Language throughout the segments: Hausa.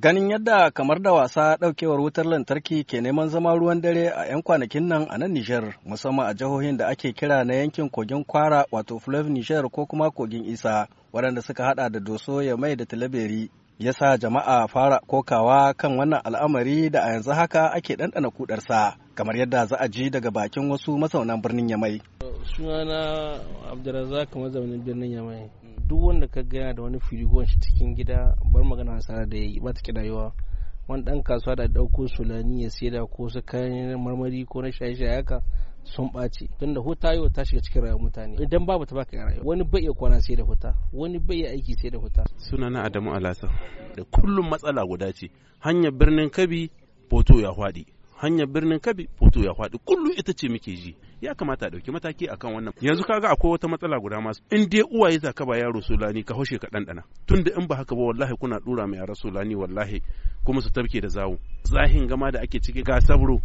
Ganin yadda kamar da wasa ɗaukewar wutar lantarki ke neman zama ruwan dare a 'yan kwanakin nan a nan Nijar, musamman a jihohin da ake kira na yankin kogin kwara wato Flav Nijar ko kuma kogin Isa, waɗanda suka hada da Doso ya mai da Tilaberi, ya sa jama'a fara kokawa kan wannan al'amari da a yanzu haka ake ɗanɗana kudarsa, kamar yadda za a ji daga bakin wasu masaunan birnin Yamai. Sunana Abdulrazak mazaunin birnin Yamai. duk wanda ka gaya da wani firigon shi cikin gida bar magana hasara da ya yi ba ta kidayewa wani dan kasuwa da dauko sulani ya saida ko su kayan marmari ko na shaye-shaye haka sun ɓaci tun da huta yau ta shiga cikin rayuwar mutane idan babu ta baka rayuwa wani bai iya kwana sai da huta wani bai iya aiki sai da huta sunana Adamu Alasa da kullum matsala guda ce hanyar birnin Kabi Boto ya hwadi hanyar birnin kabi foto ya faɗi kullum ita ce muke ji ya kamata a ɗauki mataki a kan wannan yanzu kaga akwai wata matsala guda masu in dai uwaye za ka ba yaro sulani ka haushe ka ɗanɗana tun da in ba haka ba wallahi kuna ɗura mai yara solani wallahi kuma su tafke da zawo zahin gama da ake ciki ga sabro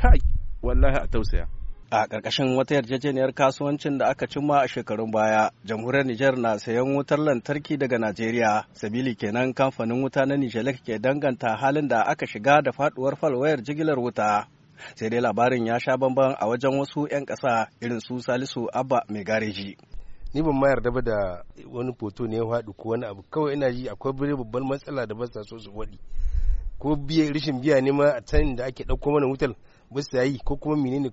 kai wallahi a tausaya A ƙarƙashin wata yarjejeniyar kasuwancin da aka cimma a shekarun baya, jamhuriyar Nijar na sayan wutar lantarki daga Najeriya. Sabili kenan kamfanin wuta na Nijalek ke danganta halin da aka shiga da faduwar falwayar jigilar wuta. Sai dai labarin ya sha bamban a wajen wasu 'yan ƙasa irin su Salisu Abba mai gareji. Ni ban mayar da ba da wani foto ne ya faɗi ko wani abu kawai ina ji akwai bire babban matsala da ba sa so su waɗi. Ko biye rashin biya ne ma a can da ake ɗauko mana wutar ba yi ko kuma menene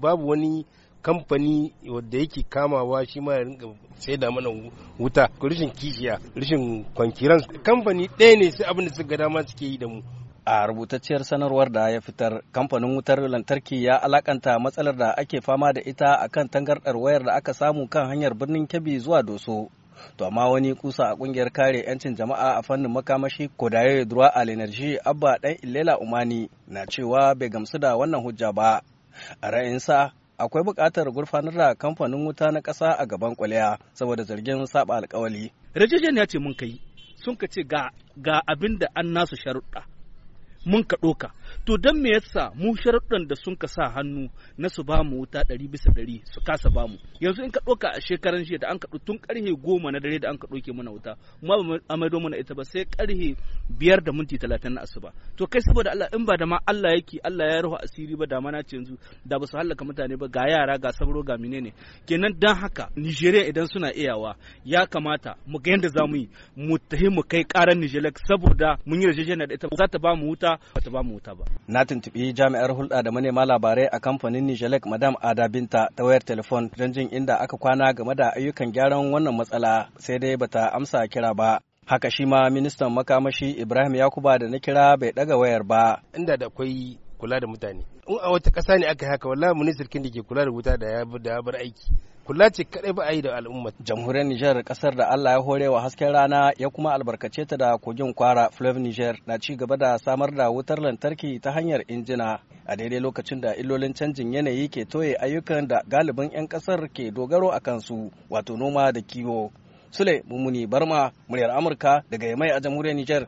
babu wani kamfani wadda yake kamawa shi ma ya sai da mana wuta rishin kishiya rishin kwankiran kamfani ɗaya ne sai abin da suka dama suke yi da mu a rubutacciyar sanarwar da ya fitar kamfanin wutar lantarki ya alakanta matsalar da ake fama da ita akan tangardar wayar da aka samu kan hanyar birnin kebbi zuwa doso to amma wani kusa a kungiyar kare 'yancin jama'a a fannin makamashi ko da yayi droit à l'énergie abba dan illela umani na cewa bai gamsu da wannan hujja ba a ra'ayinsa akwai buƙatar gurfanar da kamfanin wuta na ƙasa a gaban kwaliya saboda zargin saba alkawali ya ce mun kai sun ka ce ga abin da an nasu sharuɗa mun ka ɗoka to don me yasa mu sharuɗan da sun ka sa hannu na su bamu wuta ɗari bisa ɗari su kasa bamu yanzu in ka ɗauka a shekaran jiya da an kaɗu tun ƙarhe goma na dare da an ka ɗauke mana wuta ma ba a maido mana ita ba sai ƙarhe biyar da minti talatin na asuba to kai saboda Allah in ba da ma Allah yake Allah ya ruhu asiri ba da mana ce yanzu da ba su hallaka mutane ba ga yara ga sabro ga menene kenan dan haka Nigeria idan suna iyawa ya kamata mu ga yadda za mu yi mu tahi mu kai ƙarar Nigeria saboda mun yi rajajena da ita za ta ba mu wuta ba ta ba wuta ba. Na tuntuɓi jami'ar hulɗa da manema labarai a kamfanin Nijalek Madam Ada Binta ta wayar telefon don jin inda aka kwana game da ayyukan gyaran wannan matsala sai dai bata amsa kira ba. Haka shi ma ministan makamashi Ibrahim Yakuba da na kira bai ɗaga wayar ba. Inda da akwai kula da mutane in a wata ƙasa ne aka yi haka wallahi ministirkin da ke kula da wuta da ya bar aiki kula ce kadai ba a yi da al'umma jamhuriyar Nijar kasar da Allah ya hore wa hasken rana ya kuma albarkace ta da kogin kwara Flav Nijar na ci gaba da samar da wutar lantarki ta hanyar injina a daidai lokacin da illolin canjin yanayi ke toye ayyukan da galibin 'yan kasar ke dogaro a kansu wato noma da kiwo Sule mummuni Barma muryar Amurka daga Yamai a jamhuriyar Nijar